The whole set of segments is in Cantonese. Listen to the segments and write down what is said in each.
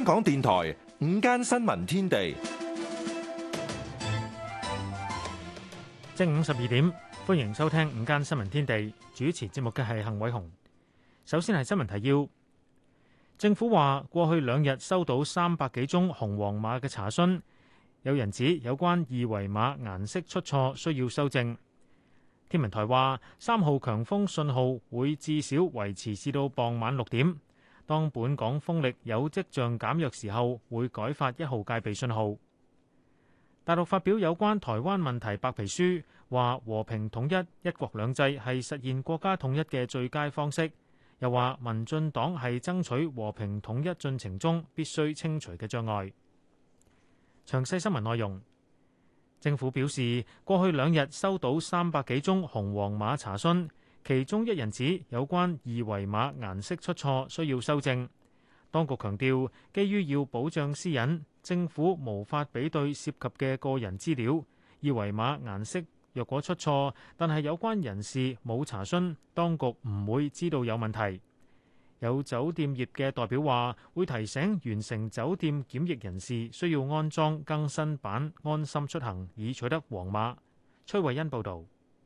香港電台午間新聞天地，正午十二點，歡迎收聽午間新聞天地。主持節目嘅係幸偉雄。首先係新聞提要：政府話過去兩日收到三百幾宗紅黃碼嘅查詢，有人指有關二維碼顏色出錯，需要修正。天文台話三號強風信號會至少維持至到傍晚六點。當本港風力有跡象減弱時候，會改發一號戒備信號。大陸發表有關台灣問題白皮書，話和平統一、一國兩制係實現國家統一嘅最佳方式，又話民進黨係爭取和平統一進程中必須清除嘅障礙。詳細新聞內容，政府表示，過去兩日收到三百幾宗紅黃碼查詢。其中一人指有關二維碼顏色出錯需要修正。當局強調，基於要保障私隱，政府無法比對涉及嘅個人資料。二維碼顏色若果出錯，但係有關人士冇查詢，當局唔會知道有問題，有酒店業嘅代表話會提醒完成酒店檢疫人士需要安裝更新版安心出行，以取得黃碼。崔慧欣報道。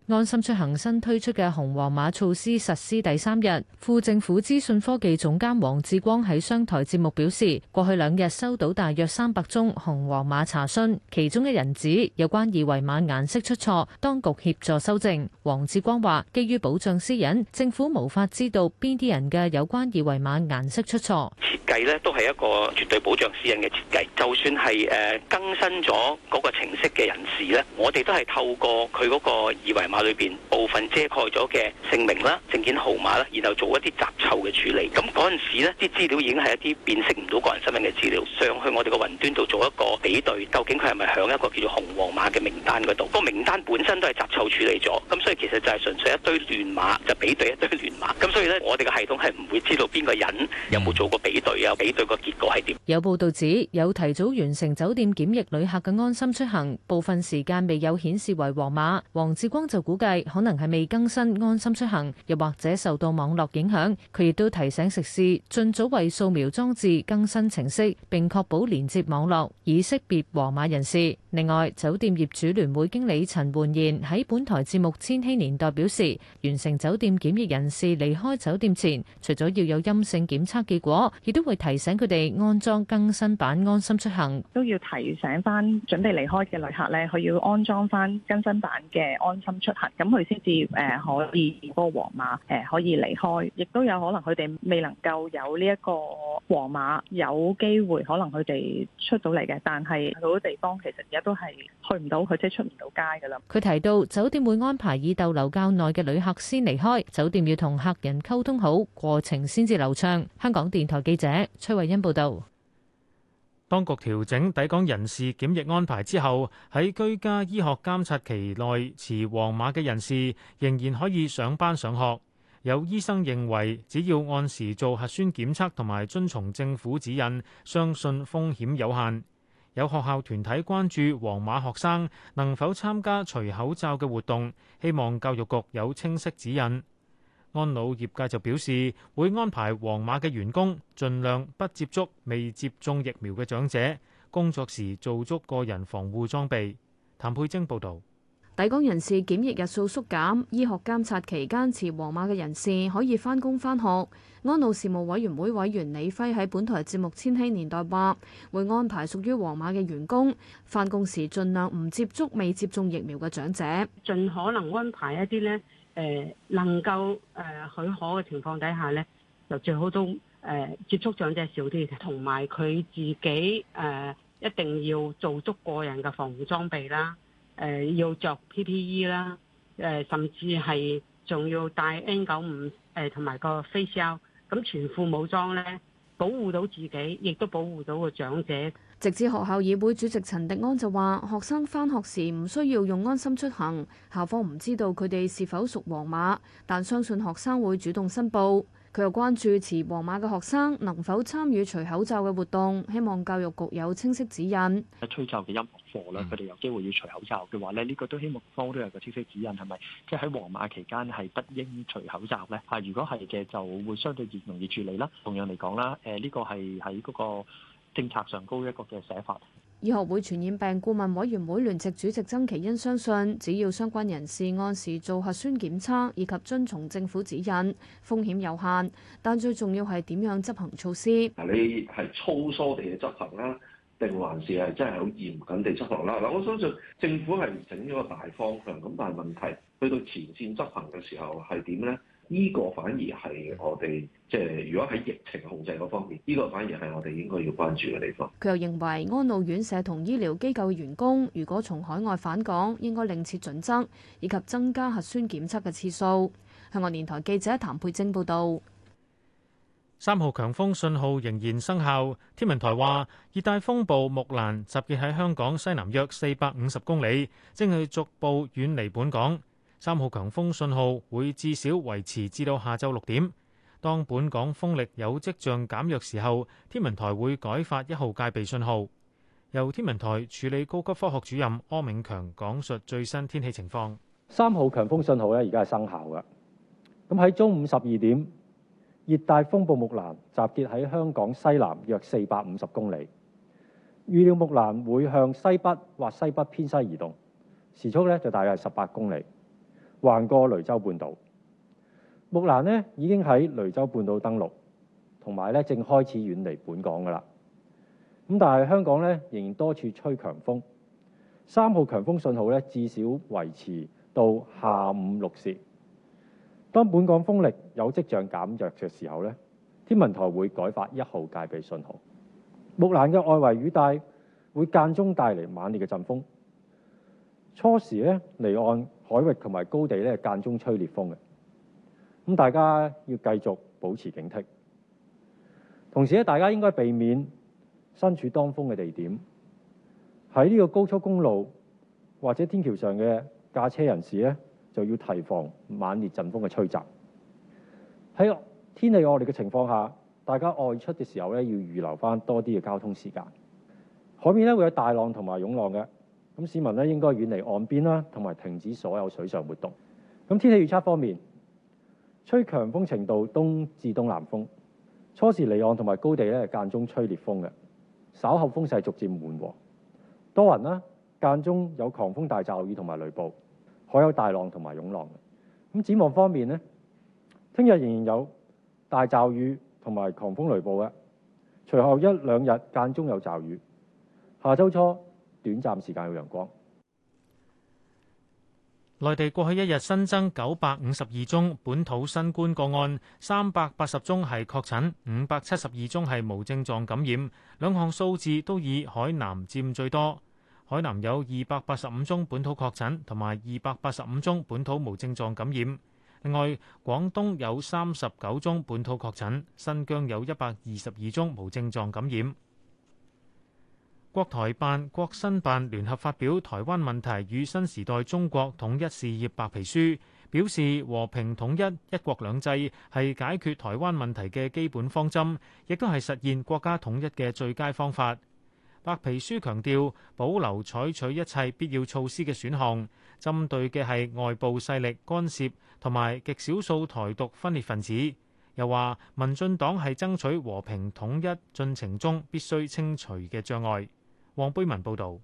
安心出行新推出嘅紅黃碼措施實施第三日，副政府資訊科技總監黃志光喺商台節目表示，過去兩日收到大約三百宗紅黃碼查詢，其中一人指有關二維碼顏色出錯，當局協助修正。黃志光話，基於保障私隱，政府無法知道邊啲人嘅有關二維碼顏色出錯，設計咧，都係一個絕對保障私隱嘅設計，就算係誒更新咗嗰個程式嘅人士咧，我哋都係透過佢嗰個二維碼。話裏邊部分遮蓋咗嘅姓名啦、證件號碼啦，然後做一啲雜湊嘅處理。咁嗰陣時咧，啲資料已經係一啲辨識唔到個人身份嘅資料，上去我哋嘅雲端度做一個比對，究竟佢係咪響一個叫做紅黃碼嘅名單嗰度？個名單本身都係雜湊處理咗，咁所以其實就係純粹一堆亂碼就比對一堆亂碼。咁所以咧，我哋嘅系統係唔會知道邊個人有冇做過比對啊，比對個結果係點？有報道指有提早完成酒店檢疫旅客嘅安心出行，部分時間未有顯示為黃碼，黃志光就。估計可能係未更新安心出行，又或者受到網絡影響。佢亦都提醒食肆盡早為掃描裝置更新程式，並確保連接網絡以識別黃碼人士。另外，酒店業主聯會經理陳煥賢喺本台節目千禧年代表示，完成酒店檢疫人士離開酒店前，除咗要有陰性檢測結果，亦都會提醒佢哋安裝更新版安心出行。都要提醒翻準備離開嘅旅客咧，佢要安裝翻更新版嘅安心出行。咁佢先至誒可以，嗰個皇馬誒可以離開，亦都有可能佢哋未能夠有呢一個皇馬有機會，可能佢哋出到嚟嘅，但係好多地方其實而家都係去唔到，佢即係出唔到街噶啦。佢提到酒店會安排已逗留較耐嘅旅客先離開，酒店要同客人溝通好，過程先至流暢。香港電台記者崔慧欣報道。當局調整抵港人士檢疫安排之後，喺居家醫學監察期內持黃碼嘅人士仍然可以上班上學。有醫生認為，只要按時做核酸檢測同埋遵從政府指引，相信風險有限。有學校團體關注黃碼學生能否參加除口罩嘅活動，希望教育局有清晰指引。安老業界就表示，會安排黃碼嘅員工盡量不接觸未接種疫苗嘅長者，工作時做足個人防護裝備。譚佩晶報導。抵港人士檢疫日數縮減，醫學監察期間持黃碼嘅人士可以返工返學。安老事務委員會委員李輝喺本台節目《千禧年代》話，會安排屬於黃碼嘅員工返工時盡量唔接觸未接種疫苗嘅長者，盡可能安排一啲呢。誒能夠誒許可嘅情況底下呢就最好都誒、呃、接觸長者少啲，同埋佢自己誒、呃、一定要做足個人嘅防護裝備啦，誒、呃、要着 PPE 啦、呃，誒甚至係仲要戴 N95 誒、呃、同埋個 face mask a 咁全副武裝呢。保護到自己，亦都保護到個長者。直至學校議會主席陳迪安就話：學生返學時唔需要用安心出行，校方唔知道佢哋是否屬黃碼，但相信學生會主動申報。佢又關注持黃碼嘅學生能否參與除口罩嘅活動，希望教育局有清晰指引。吹奏嘅音樂課咧，佢哋、嗯、有機會要除口罩嘅話咧，呢、這個都希望方都有個清晰指引，係咪？即係喺黃碼期間係不應除口罩咧。嚇，如果係嘅，就會相對易容易處理啦。同樣嚟講啦，誒、這、呢個係喺嗰個政策上高一個嘅寫法。醫學會傳染病顧問委員會聯席主席曾祈殷相信，只要相關人士按時做核酸檢測以及遵從政府指引，風險有限。但最重要係點樣執行措施？你係粗疏地去執行啦，定還是係真係好嚴謹地執行啦？嗱，我相信政府係整咗個大方向，咁但係問題去到前線執行嘅時候係點呢？呢個反而係我哋即係如果喺疫情控制嗰方面，呢個反而係我哋應該要關注嘅地方。佢又認為安老院舍同醫療機構嘅員工，如果從海外返港，應該另設準則，以及增加核酸檢測嘅次數。香港電台記者譚佩貞報道。三號強風信號仍然生效。天文台話熱帶風暴木蘭集結喺香港西南約四百五十公里，正係逐步遠離本港。三號強風信號會至少維持至到下晝六點。當本港風力有跡象減弱時候，天文台會改發一號戒備信號。由天文台處理高級科學主任柯永強講述最新天氣情況。三號強風信號咧，而家係生效㗎。咁喺中午十二點，熱帶風暴木蘭集結喺香港西南約四百五十公里。預料木蘭會向西北或西北偏西移動，時速呢就大概係十八公里。橫過雷州半島，木蘭咧已經喺雷州半島登陸，同埋咧正開始遠離本港㗎喇。咁但係香港咧仍然多處吹強風，三號強風信號咧至少維持到下午六時。當本港風力有跡象減弱嘅時候咧，天文台會改發一號戒備信號。木蘭嘅外圍雨帶會間中帶嚟猛烈嘅陣風，初時咧離岸。海域同埋高地咧間中吹烈風嘅，咁大家要繼續保持警惕。同時咧，大家應該避免身處當風嘅地點。喺呢個高速公路或者天橋上嘅駕車人士咧，就要提防猛烈陣風嘅吹襲。喺天氣惡劣嘅情況下，大家外出嘅時候咧，要預留返多啲嘅交通時間。海面咧會有大浪同埋湧浪嘅。咁市民咧應該遠離岸邊啦，同埋停止所有水上活動。咁天氣預測方面，吹強風程度東至東南風，初時離岸同埋高地咧間中吹烈風嘅，稍後風勢逐漸緩和，多雲啦，間中有狂風大驟雨同埋雷暴，海有大浪同埋湧浪嘅。咁展望方面咧，聽日仍然有大驟雨同埋狂風雷暴嘅，隨後一兩日間中有驟雨，下週初，短暫時間有陽光。內地過去一日新增九百五十二宗本土新冠個案，三百八十宗係確診，五百七十二宗係無症狀感染。兩項數字都以海南佔最多。海南有二百八十五宗本土確診，同埋二百八十五宗本土無症狀感染。另外，廣東有三十九宗本土確診，新疆有一百二十二宗無症狀感染。國台辦、國新辦聯合發表《台灣問題與新時代中國統一事業白皮書》，表示和平統一、一國兩制係解決台灣問題嘅基本方針，亦都係實現國家統一嘅最佳方法。白皮書強調保留採取一切必要措施嘅選項，針對嘅係外部勢力干涉同埋極少數台獨分裂分子。又話民進黨係爭取和平統一進程中必須清除嘅障礙。黃貝文報道，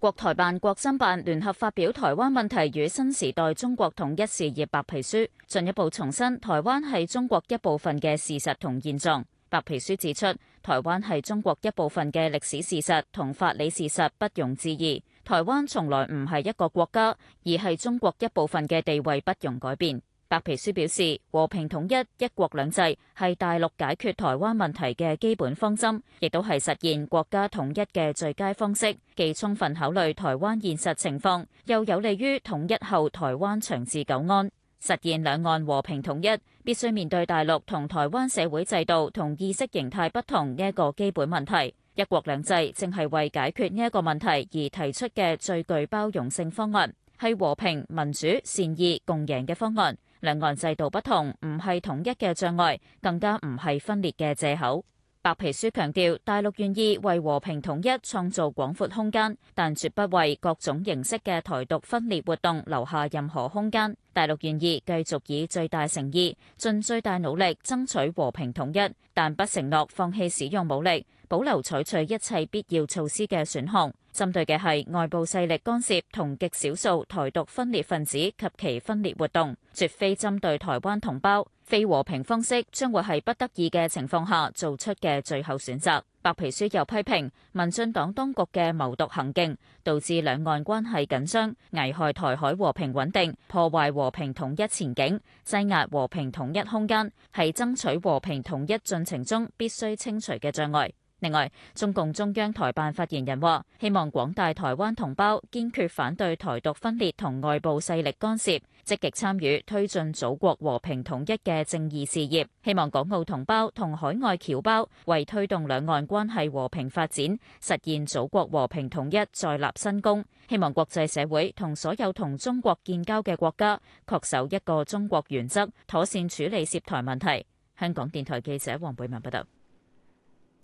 國台辦、國新辦聯合發表《台灣問題與新時代中國統一事業白皮書》，進一步重申台灣係中國一部分嘅事實同現狀。白皮書指出，台灣係中國一部分嘅歷史事實同法理事實不容置疑。台灣從來唔係一個國家，而係中國一部分嘅地位不容改變。白皮書表示，和平統一、一國兩制係大陸解決台灣問題嘅基本方針，亦都係實現國家統一嘅最佳方式。既充分考慮台灣現實情況，又有利於統一後台灣長治久安。實現兩岸和平統一，必須面對大陸同台灣社會制度同意識形態不同呢一個基本問題。一國兩制正係為解決呢一個問題而提出嘅最具包容性方案，係和平、民主、善意、共贏嘅方案。兩岸制度不同，唔係統一嘅障礙，更加唔係分裂嘅藉口。白皮書強調，大陸願意為和平統一創造廣闊空間，但絕不為各種形式嘅台獨分裂活動留下任何空間。大陸願意繼續以最大誠意、盡最大努力爭取和平統一，但不承諾放棄使用武力，保留採取一切必要措施嘅選項。針對嘅係外部勢力干涉同極少數台獨分裂分子及其分裂活動，絕非針對台灣同胞。非和平方式將會喺不得已嘅情況下做出嘅最後選擇。白皮書又批評民進黨當局嘅謀獨行徑，導致兩岸關係緊張，危害台海和平穩定，破壞和平統一前景，擠壓和平統一空間，係爭取和平統一進程中必須清除嘅障礙。另外，中共中央台辦發言人話：希望廣大台灣同胞堅決反對台獨分裂同外部勢力干涉，積極參與推進祖國和平統一嘅正義事業。希望港澳同胞同海外僑胞為推動兩岸關係和平發展、實現祖國和平統一再立新功。希望國際社會同所有同中國建交嘅國家恪守一個中國原則，妥善處理涉台問題。香港電台記者黃貝文報道。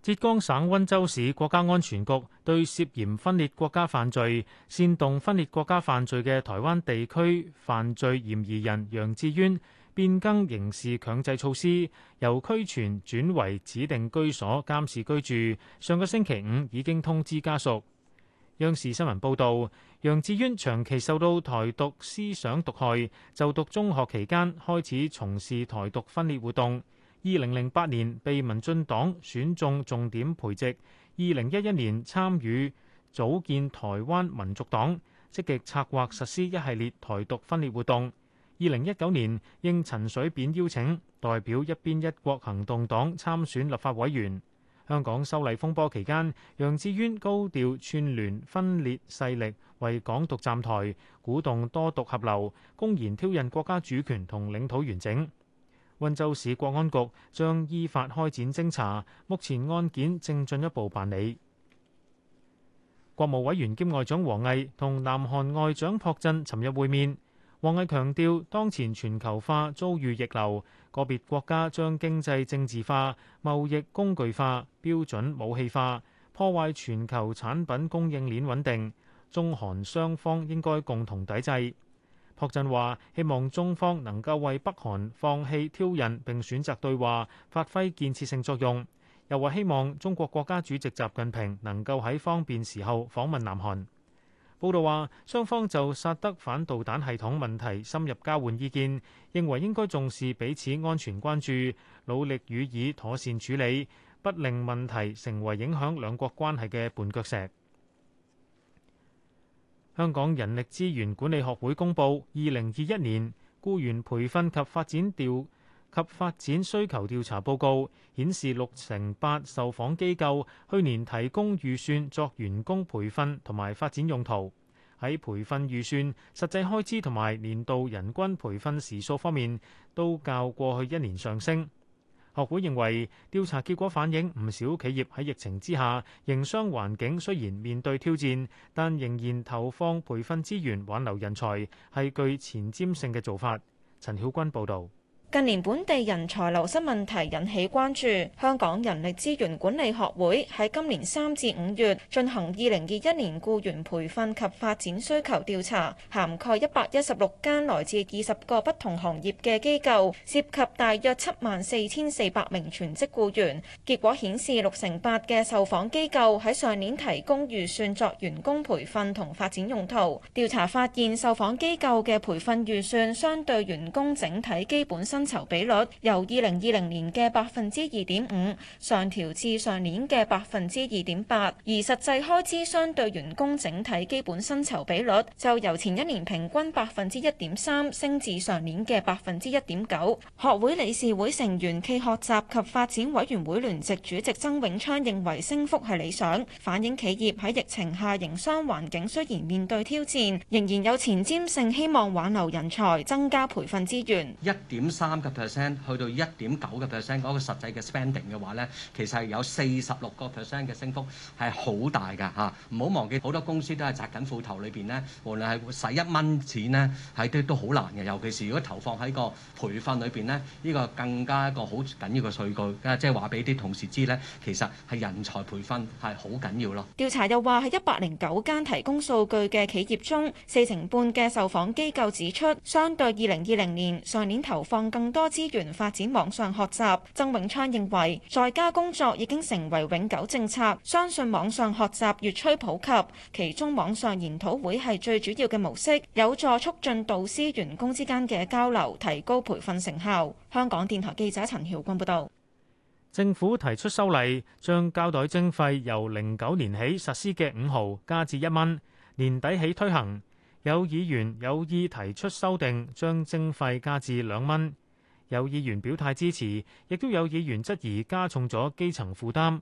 浙江省溫州市國家安全局對涉嫌分裂國家犯罪、煽動分裂國家犯罪嘅台灣地區犯罪嫌疑人楊智淵變更刑事強制措施，由拘傳轉為指定居所監視居住。上個星期五已經通知家屬。央視新聞報道，楊智淵長期受到台獨思想毒害，就讀中學期間開始從事台獨分裂活動。二零零八年被民進黨選中重點培植，二零一一年參與組建台灣民族黨，積極策劃實施一系列台獨分裂活動。二零一九年應陳水扁邀請，代表一邊一國行動黨參選立法委員。香港修例風波期間，楊智淵高調串聯分裂勢力，為港獨站台，鼓動多獨合流，公然挑釁國家主權同領土完整。溫州市國安局將依法開展偵查，目前案件正進一步辦理。國務委員兼外長王毅同南韓外長朴振尋日會面，王毅強調，當前全球化遭遇逆流，個別國家將經濟政治化、貿易工具化、標準武器化，破壞全球產品供應鏈穩定。中韓雙方應該共同抵制。朴振話：希望中方能夠為北韓放棄挑釁並選擇對話，發揮建設性作用。又話希望中國國家主席習近平能夠喺方便時候訪問南韓。報道話，雙方就薩德反導彈系統問題深入交換意見，認為應該重視彼此安全關注，努力予以妥善處理，不令問題成為影響兩國關係嘅絆腳石。香港人力資源管理學會公布二零二一年僱員培訓及發展調及發展需求調查報告，顯示六成八受訪機構去年提供預算作員工培訓同埋發展用途。喺培訓預算、實際開支同埋年度人均培訓時數方面，都較過去一年上升。學會認為調查結果反映唔少企業喺疫情之下，營商環境雖然面對挑戰，但仍然投放培訓資源挽留人才，係具前瞻性嘅做法。陳曉君報導。近年本地人才流失問題引起關注，香港人力資源管理學會喺今年三至五月進行二零二一年僱員培訓及發展需求調查，涵蓋一百一十六間來自二十個不同行業嘅機構，涉及大約七萬四千四百名全職僱員。結果顯示六成八嘅受訪機構喺上年提供預算作員工培訓同發展用途。調查發現受訪機構嘅培訓預算相對員工整體基本薪薪酬比率由二零二零年嘅百分之二點五上調至上年嘅百分之二點八，而實際開支相對員工整體基本薪酬比率就由前一年平均百分之一點三升至上年嘅百分之一點九。學會理事會成員暨學習及發展委員會聯席主席曾永昌認為升幅係理想，反映企業喺疫情下營商環境雖然面對挑戰，仍然有前瞻性希望挽留人才、增加培訓資源。一點三。三個 percent 去到一點九個 percent。嗰個實際嘅 spending 嘅話呢，其實有四十六個 percent 嘅升幅，係好大㗎吓。唔好忘記好多公司都係紮緊褲頭裏邊呢，無論係使一蚊錢呢，喺啲都好難嘅。尤其是如果投放喺個培訓裏邊呢，呢個更加一個好緊要嘅數據。即係話俾啲同事知呢，其實係人才培訓係好緊要咯。調查又話係一百零九間提供數據嘅企業中，四成半嘅受訪機構指出，相對二零二零年上年投放。更多資源發展網上學習。曾永昌認為，在家工作已經成為永久政策，相信網上學習越趨普及，其中網上研討會係最主要嘅模式，有助促進導師員工之間嘅交流，提高培訓成效。香港電台記者陳曉君報導。政府提出修例，將膠袋徵費由零九年起實施嘅五毫加至一蚊，年底起推行。有議員有意提出修訂，將徵費加至兩蚊。有議員表態支持，亦都有議員質疑加重咗基層負擔。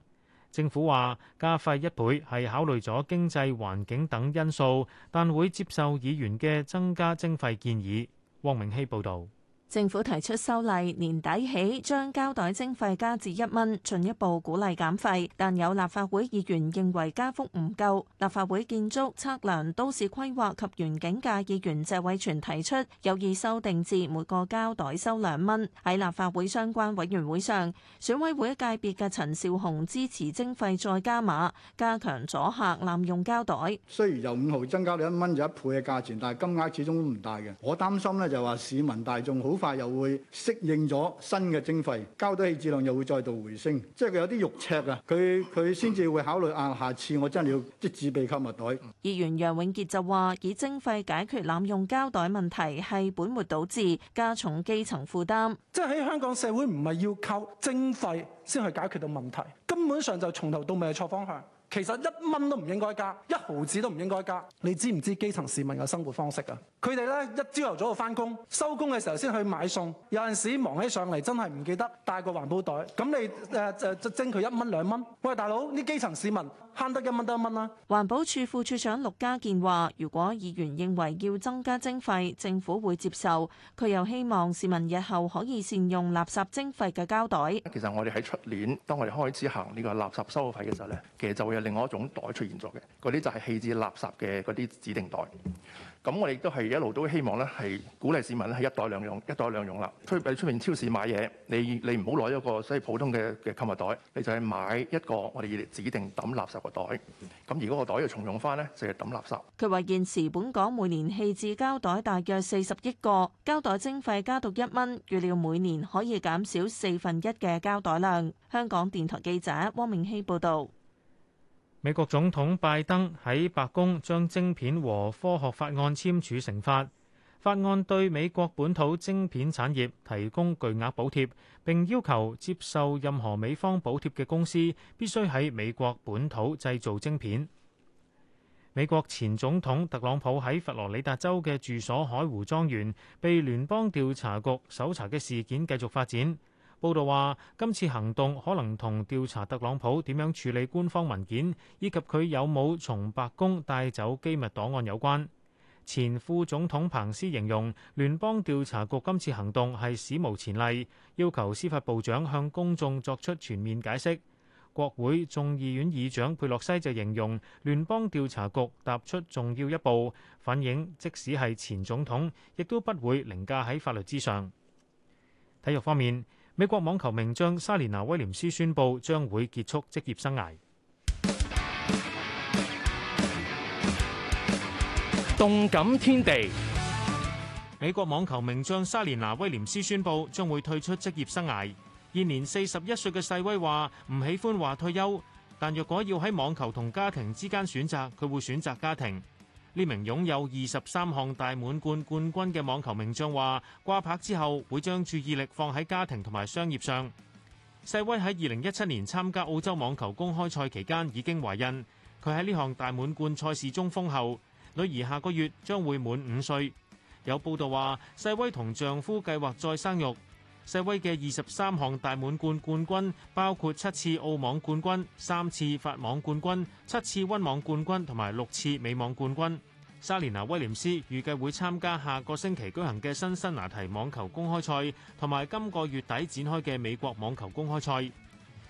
政府話，加費一倍係考慮咗經濟環境等因素，但會接受議員嘅增加徵費建議。汪明希報導。政府提出修例，年底起將膠袋徵費加至一蚊，進一步鼓勵減費。但有立法會議員認為加幅唔夠。立法會建築、測量、都市規劃及園境界議員謝偉銓提出，有意修訂至每個膠袋收兩蚊。喺立法會相關委員會上，選委會界別嘅陳紹雄支持徵費再加碼，加強阻嚇濫用膠袋。雖然由五毫增加到一蚊，就一倍嘅價錢，但係金額始終都唔大嘅。我擔心呢就話市民大眾好。快又會適應咗新嘅徵費，膠袋嘅棄置量又會再度回升，即係佢有啲肉赤啊！佢佢先至會考慮啊，下次我真係要即自備購物袋。議員楊永傑就話：以徵費解決濫用膠袋問題係本末倒置，加重基層負擔。即係喺香港社會唔係要靠徵費先去解決到問題，根本上就從頭到尾係錯方向。其實一蚊都唔應該加，一毫子都唔應該加。你知唔知基層市民嘅生活方式啊？佢哋呢一朝頭早就返工，收工嘅時候先去買餸。有陣時忙起上嚟，真係唔記得帶個環保袋。咁你、呃、就誒爭佢一蚊兩蚊？喂，大佬，啲基層市民。慳得一蚊得一蚊啦！環保署副處長陸家健話，如果議員認為要增加徵費，政府會接受。佢又希望市民日後可以善用垃圾徵費嘅膠袋。其實我哋喺出年，當我哋開始行呢個垃圾收費嘅時候咧，其實就會有另外一種袋出現咗嘅，嗰啲就係棄置垃圾嘅嗰啲指定袋。咁我哋都係一路都希望咧，係鼓勵市民咧，係一袋兩用、一袋兩用啦。出喺出面超市買嘢，你你唔好攞一個所以普通嘅嘅購物袋，你就係買一個我哋指定抌垃圾個袋。咁而嗰個袋又重用翻咧，就係抌垃圾。佢話現時本港每年棄置膠袋大約四十億個，膠袋徵費加到一蚊，預料每年可以減少四分一嘅膠袋量。香港電台記者汪明希報導。美國總統拜登喺白宮將晶片和科學法案簽署成法。法案對美國本土晶片產業提供巨額補貼，並要求接受任何美方補貼嘅公司必須喺美國本土製造晶片。美國前總統特朗普喺佛羅里達州嘅住所海湖莊園被聯邦調查局搜查嘅事件繼續發展。報道話，今次行動可能同調查特朗普點樣處理官方文件，以及佢有冇從白宮帶走機密檔案有關。前副總統彭斯形容，聯邦調查局今次行動係史無前例，要求司法部長向公眾作出全面解釋。國會眾議院議長佩洛西就形容，聯邦調查局踏出重要一步，反映即使係前總統，亦都不會凌駕喺法律之上。體育方面。美國網球名將莎蓮娜威廉斯宣布將會結束職業生涯。動感天地，美國網球名將莎蓮娜威廉斯宣佈將會退出職業生涯。現年四十一歲嘅細威話唔喜歡話退休，但若果要喺網球同家庭之間選擇，佢會選擇家庭。呢名擁有二十三項大滿貫冠軍嘅網球名將話：掛拍之後會將注意力放喺家庭同埋商業上。細威喺二零一七年參加澳洲網球公開賽期間已經懷孕，佢喺呢項大滿貫賽事中封後，女兒下個月將會滿五歲。有報道話，細威同丈夫計劃再生育。細威嘅二十三項大滿貫冠軍，包括七次澳網冠軍、三次法網冠軍、七次溫網冠軍同埋六次美網冠軍。莎蓮娜威廉斯預計會參加下個星期舉行嘅新辛納提網球公開賽，同埋今個月底展開嘅美國網球公開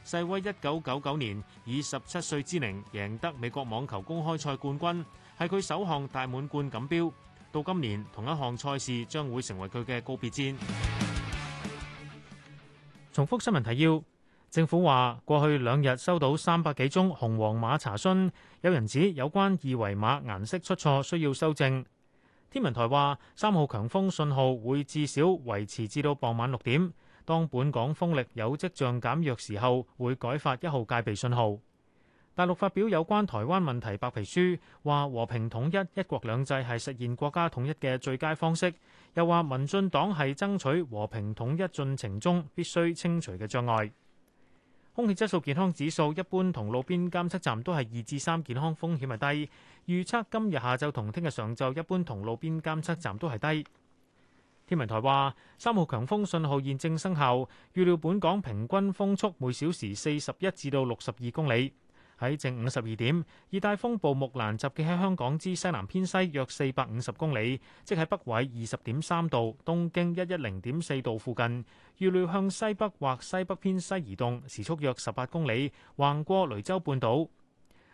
賽。細威一九九九年以十七歲之齡贏得美國網球公開賽冠軍，係佢首項大滿貫錦標。到今年同一項賽事將會成為佢嘅告別戰。重複新聞提要。政府話，過去兩日收到三百幾宗紅黃碼查詢，有人指有關二維碼顏色出錯，需要修正。天文台話，三號強風信號會至少維持至到傍晚六點，當本港風力有跡象減弱時候，會改發一號戒備信號。大陸發表有關台灣問題白皮書，話和平統一、一國兩制係實現國家統一嘅最佳方式。又話民進黨喺爭取和平統一進程中必須清除嘅障礙。空氣質素健康指數一般同路邊監測站都係二至三，健康風險係低。預測今日下晝同聽日上晝一般同路邊監測站都係低。天文台話三號強風信號現正生效，預料本港平均風速每小時四十一至到六十二公里。喺正午十二點，熱帶風暴木蘭集結喺香港之西南偏西約四百五十公里，即喺北緯二十點三度、東經一一零點四度附近，預料向西北或西北偏西移動，時速約十八公里，橫過雷州半島。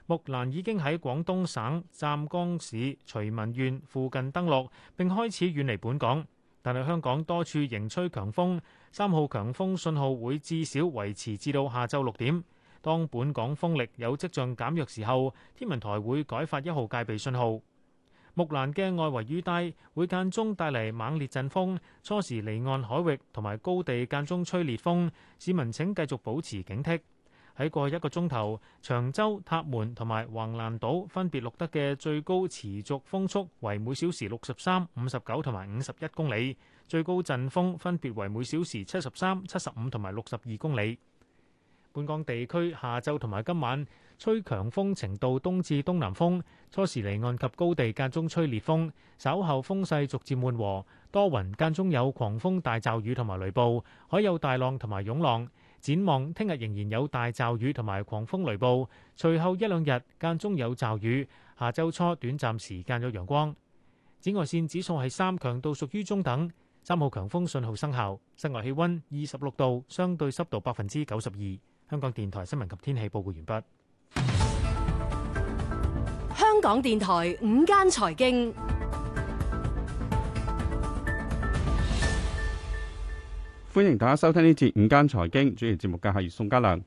木蘭已經喺廣東省湛江市徐聞縣附近登陸，並開始遠離本港。但係香港多處仍吹強風，三號強風信號會至少維持至到下晝六點。當本港風力有跡象減弱時候，天文台會改發一號戒備信號。木蘭嘅外圍雨帶會間中帶嚟猛烈陣風，初時離岸海域同埋高地間中吹烈風，市民請繼續保持警惕。喺過去一個鐘頭，長洲、塔門同埋橫瀾島分別錄得嘅最高持續風速為每小時六十三、五十九同埋五十一公里，最高陣風分別為每小時七十三、七十五同埋六十二公里。本港地區下晝同埋今晚吹強風程度東至東南風，初時離岸及高地間中吹烈風，稍後風勢逐漸緩和，多雲間中有狂風大驟雨同埋雷暴，海有大浪同埋湧浪。展望聽日仍然有大驟雨同埋狂風雷暴，隨後一兩日間中有驟雨，下週初短暫時間有陽光。紫外線指數係三，強度屬於中等。三號強風信號生效。室外氣温二十六度，相對濕度百分之九十二。香港電台新聞及天氣報告完畢。香港電台午間財經，歡迎大家收聽呢節午間財經，主持節目嘅係宋家良。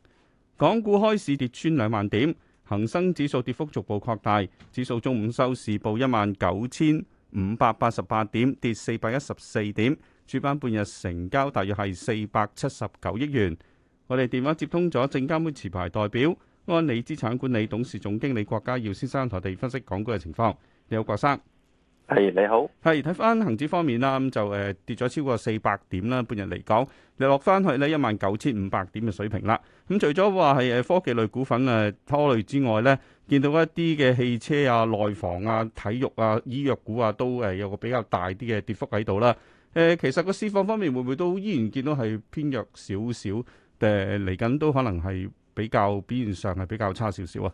港股開市跌穿兩萬點，恒生指數跌幅逐步擴大，指數中午收市報一萬九千五百八十八點，跌四百一十四點，主板半日成交大約係四百七十九億元。我哋電話接通咗證監會持牌代表安利資產管理董事總經理郭家耀先生，同我哋分析港股嘅情況。你好，郭生。係，你好。係，睇翻恒指方面啦，咁就誒、呃、跌咗超過四百點啦，半日嚟講，你落翻去呢一萬九千五百點嘅水平啦。咁除咗話係誒科技類股份誒拖累之外呢，見到一啲嘅汽車啊、內房啊、體育啊、醫藥股啊，都誒有個比較大啲嘅跌幅喺度啦。誒、呃，其實個市況方面會唔會都依然見到係偏弱少少？誒，嚟緊都可能係比較表現上係比較差少少啊。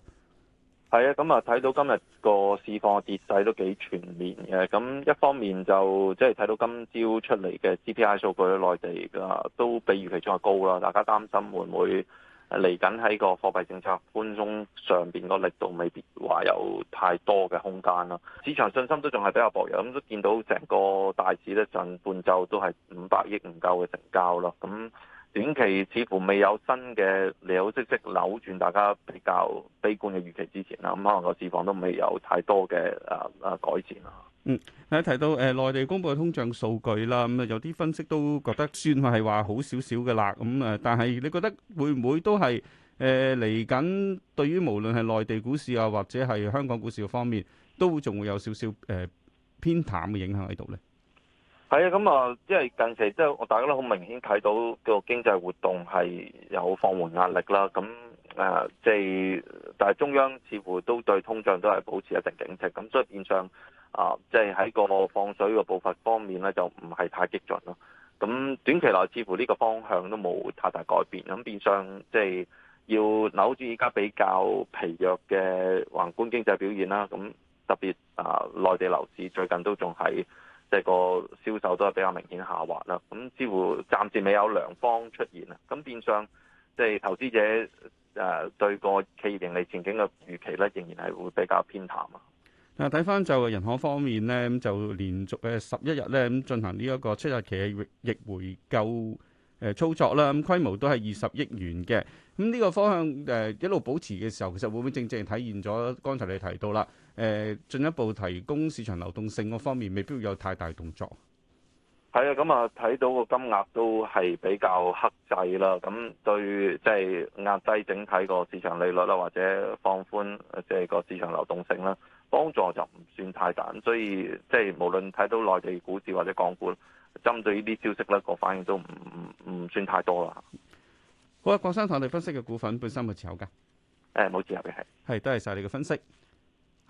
係啊，咁啊睇到今日個市況跌勢都幾全面嘅。咁一方面就即係睇到今朝出嚟嘅 CPI 數據喺內地噶都比預期仲係高啦。大家擔心會唔會嚟緊喺個貨幣政策寬鬆上邊個力度未必話有太多嘅空間啦。市場信心都仲係比較薄弱。咁都見到成個大市咧，上半晝都係五百億唔夠嘅成交啦。咁。短期似乎未有新嘅利好消息扭轉大家比較悲觀嘅預期之前啦，咁可能個市況都未有太多嘅啊啊改善咯。嗯，你提到誒、呃、內地公佈嘅通脹數據啦，咁、嗯、有啲分析都覺得算係話好少少嘅啦。咁、嗯、誒，但係你覺得會唔會都係誒嚟緊，呃、對於無論係內地股市啊，或者係香港股市方面，都仲會有少少誒、呃、偏淡嘅影響喺度咧？係啊，咁啊，即係近期即係，我大家都好明顯睇到個經濟活動係有放緩壓力啦。咁誒，即、就、係、是、但係中央似乎都對通脹都係保持一定警惕。咁所以變相啊，即係喺個放水個步伐方面咧，就唔係太激進咯。咁短期內似乎呢個方向都冇太大改變。咁變相即係、就是、要扭住而家比較疲弱嘅宏觀經濟表現啦。咁特別啊，內地樓市最近都仲喺。即係個銷售都係比較明顯下滑啦，咁似乎暫時未有良方出現啊！咁變相即係投資者誒對個企業盈利前景嘅預期咧，仍然係會比較偏淡啊！嗱，睇翻就係人行方面咧，咁就連續嘅十一日咧咁進行呢一個七日期嘅逆回購誒操作啦，咁規模都係二十億元嘅，咁、這、呢個方向誒一路保持嘅時候，其實會唔會正正體現咗剛才你提到啦？誒，進一步提供市場流動性嗰方面，未必會有太大動作。係啊，咁啊，睇到個金額都係比較克制啦。咁對即係壓低整體個市場利率啦，或者放寬即係個市場流動性啦，幫助就唔算太大。所以即係、就是、無論睇到內地股市或者港股，針對呢啲消息咧，個反應都唔唔唔算太多啦。好啊，郭生同你分析嘅股份本身係持有嘅？誒、欸，冇持有嘅係係，多謝晒你嘅分析。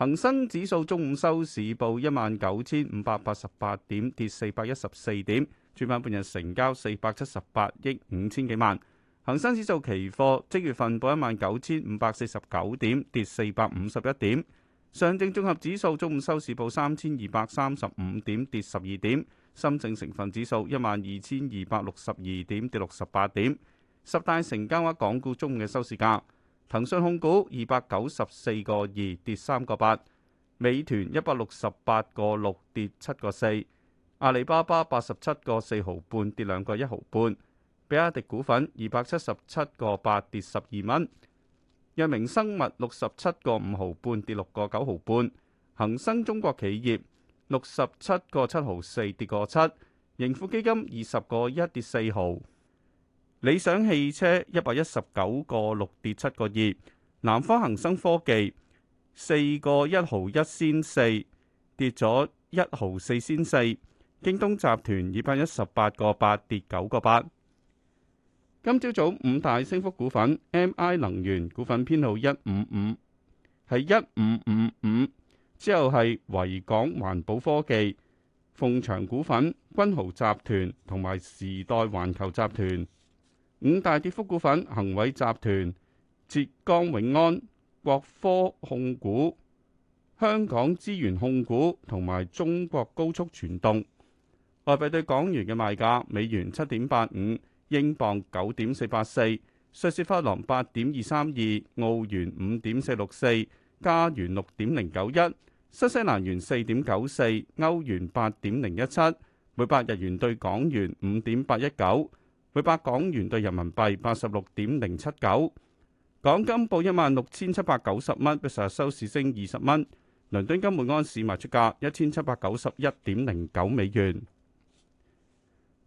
恒生指數中午收市報一萬九千五百八十八點，跌四百一十四點。主板半日成交四百七十八億五千幾萬。恒生指數期貨即月份報一萬九千五百四十九點，跌四百五十一點。上證綜合指數中午收市報三千二百三十五點，跌十二點。深證成分指數一萬二千二百六十二點，跌六十八點。十大成交額港股中午嘅收市價。騰訊控股二百九十四個二跌三個八，美團一百六十八個六跌七個四，阿里巴巴八十七個四毫半跌兩個一毫半，比亞迪股份二百七十七個八跌十二蚊，藥明生物六十七個五毫半跌六個九毫半，恒生中國企業六十七個七毫四跌個七，盈富基金二十個一跌四毫。理想汽車一百一十九個六跌七個二，南方恒生科技四個一毫一仙四跌咗一毫四仙四，京東集團二百一十八個八跌九個八。今朝早五大升幅股份，M I 能源股份編號一五五係一五五五，之後係維港環保科技、鳳翔股份、君豪集團同埋時代環球集團。五大跌幅股份：恒偉集團、浙江永安、國科控股、香港資源控股同埋中國高速傳動。外幣對港元嘅賣價：美元七點八五，英鎊九點四八四，瑞士法郎八點二三二，澳元五點四六四，加元六點零九一，新西蘭元四點九四，歐元八點零一七，每百日元對港元五點八一九。每百港元兌人民幣八十六點零七九，港金報一萬六千七百九十蚊，比上日收市升二十蚊。倫敦金每安士賣出價一千七百九十一點零九美元。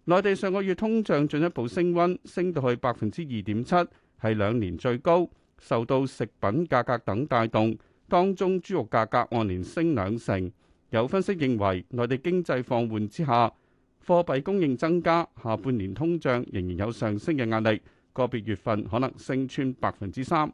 內地上個月通脹進一步升溫，升到去百分之二點七，係兩年最高，受到食品價格等帶動。當中豬肉價格按年升兩成。有分析認為，內地經濟放緩之下，貨幣供應增加，下半年通脹仍然有上升嘅壓力，個別月份可能升穿百分之三。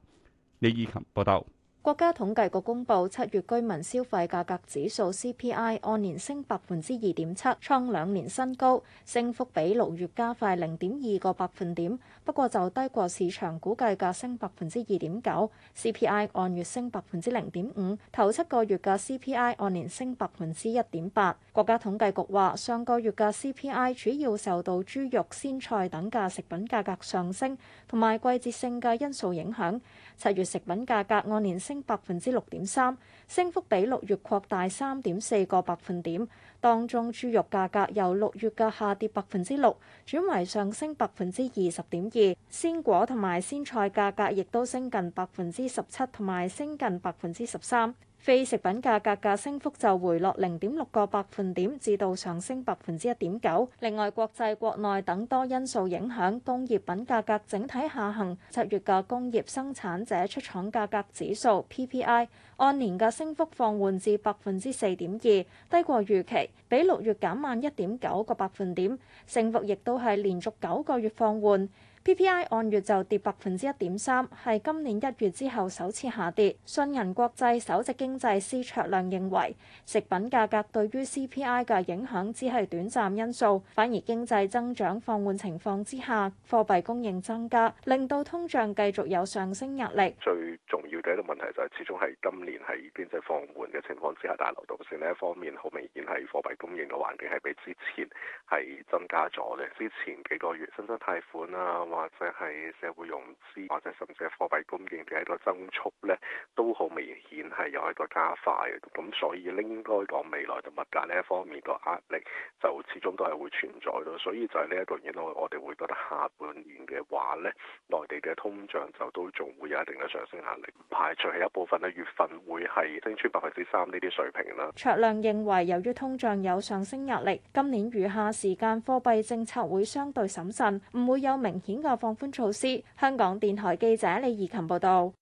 李以琴報道。國家統計局公布七月居民消費價格指數 CPI 按年升百分之二點七，創兩年新高，升幅比六月加快零點二個百分點。不過就低過市場估計嘅升百分之二點九。CPI 按月升百分之零點五，頭七個月嘅 CPI 按年升百分之一點八。國家統計局話上個月嘅 CPI 主要受到豬肉、鮮菜等嘅食品價格上升同埋季節性嘅因素影響。七月食品價格按年，升百分之六點三，升幅比六月擴大三點四個百分點。當中豬肉價格由六月嘅下跌百分之六，轉為上升百分之二十點二。鮮果同埋鮮菜價格亦都升近百分之十七，同埋升近百分之十三。非食品價格嘅升幅就回落零點六個百分點，至到上升百分之一點九。另外，國際、國內等多因素影響，工業品價格整體下行。七月嘅工業生產者出廠價格指數 （PPI） 按年嘅升幅放緩至百分之四點二，低過預期，比六月減慢一點九個百分點，升幅亦都係連續九個月放緩。PPI 按月就跌百分之一點三，係今年一月之後首次下跌。信銀國際首席經濟師卓亮認為，食品價格對於 CPI 嘅影響只係短暫因素，反而經濟增長放緩情況之下，貨幣供應增加，令到通脹繼續有上升壓力。最重要嘅一個問題就係、是、始終係今年係邊際放緩嘅情況之下，大流動性呢一方面，好明顯係貨幣供應嘅環境係比之前係增加咗嘅。之前幾個月新增貸款啊。或者係社會融資或者甚至係貨幣供應嘅一個增速咧，都好明顯係有一個加快嘅。咁所以應該講未來同物價呢一方面個壓力就始終都係會存在咯。所以就係呢一個原因，我哋會覺得下半年嘅話咧，內地嘅通脹就都仲會有一定嘅上升壓力。排除係一部分咧，月份會係升穿百分之三呢啲水平啦。卓亮認為由於通脹有上升壓力，今年餘下時間貨幣政策會相對審慎，唔會有明顯。個放寬措施，香港電台記者李怡琴報道。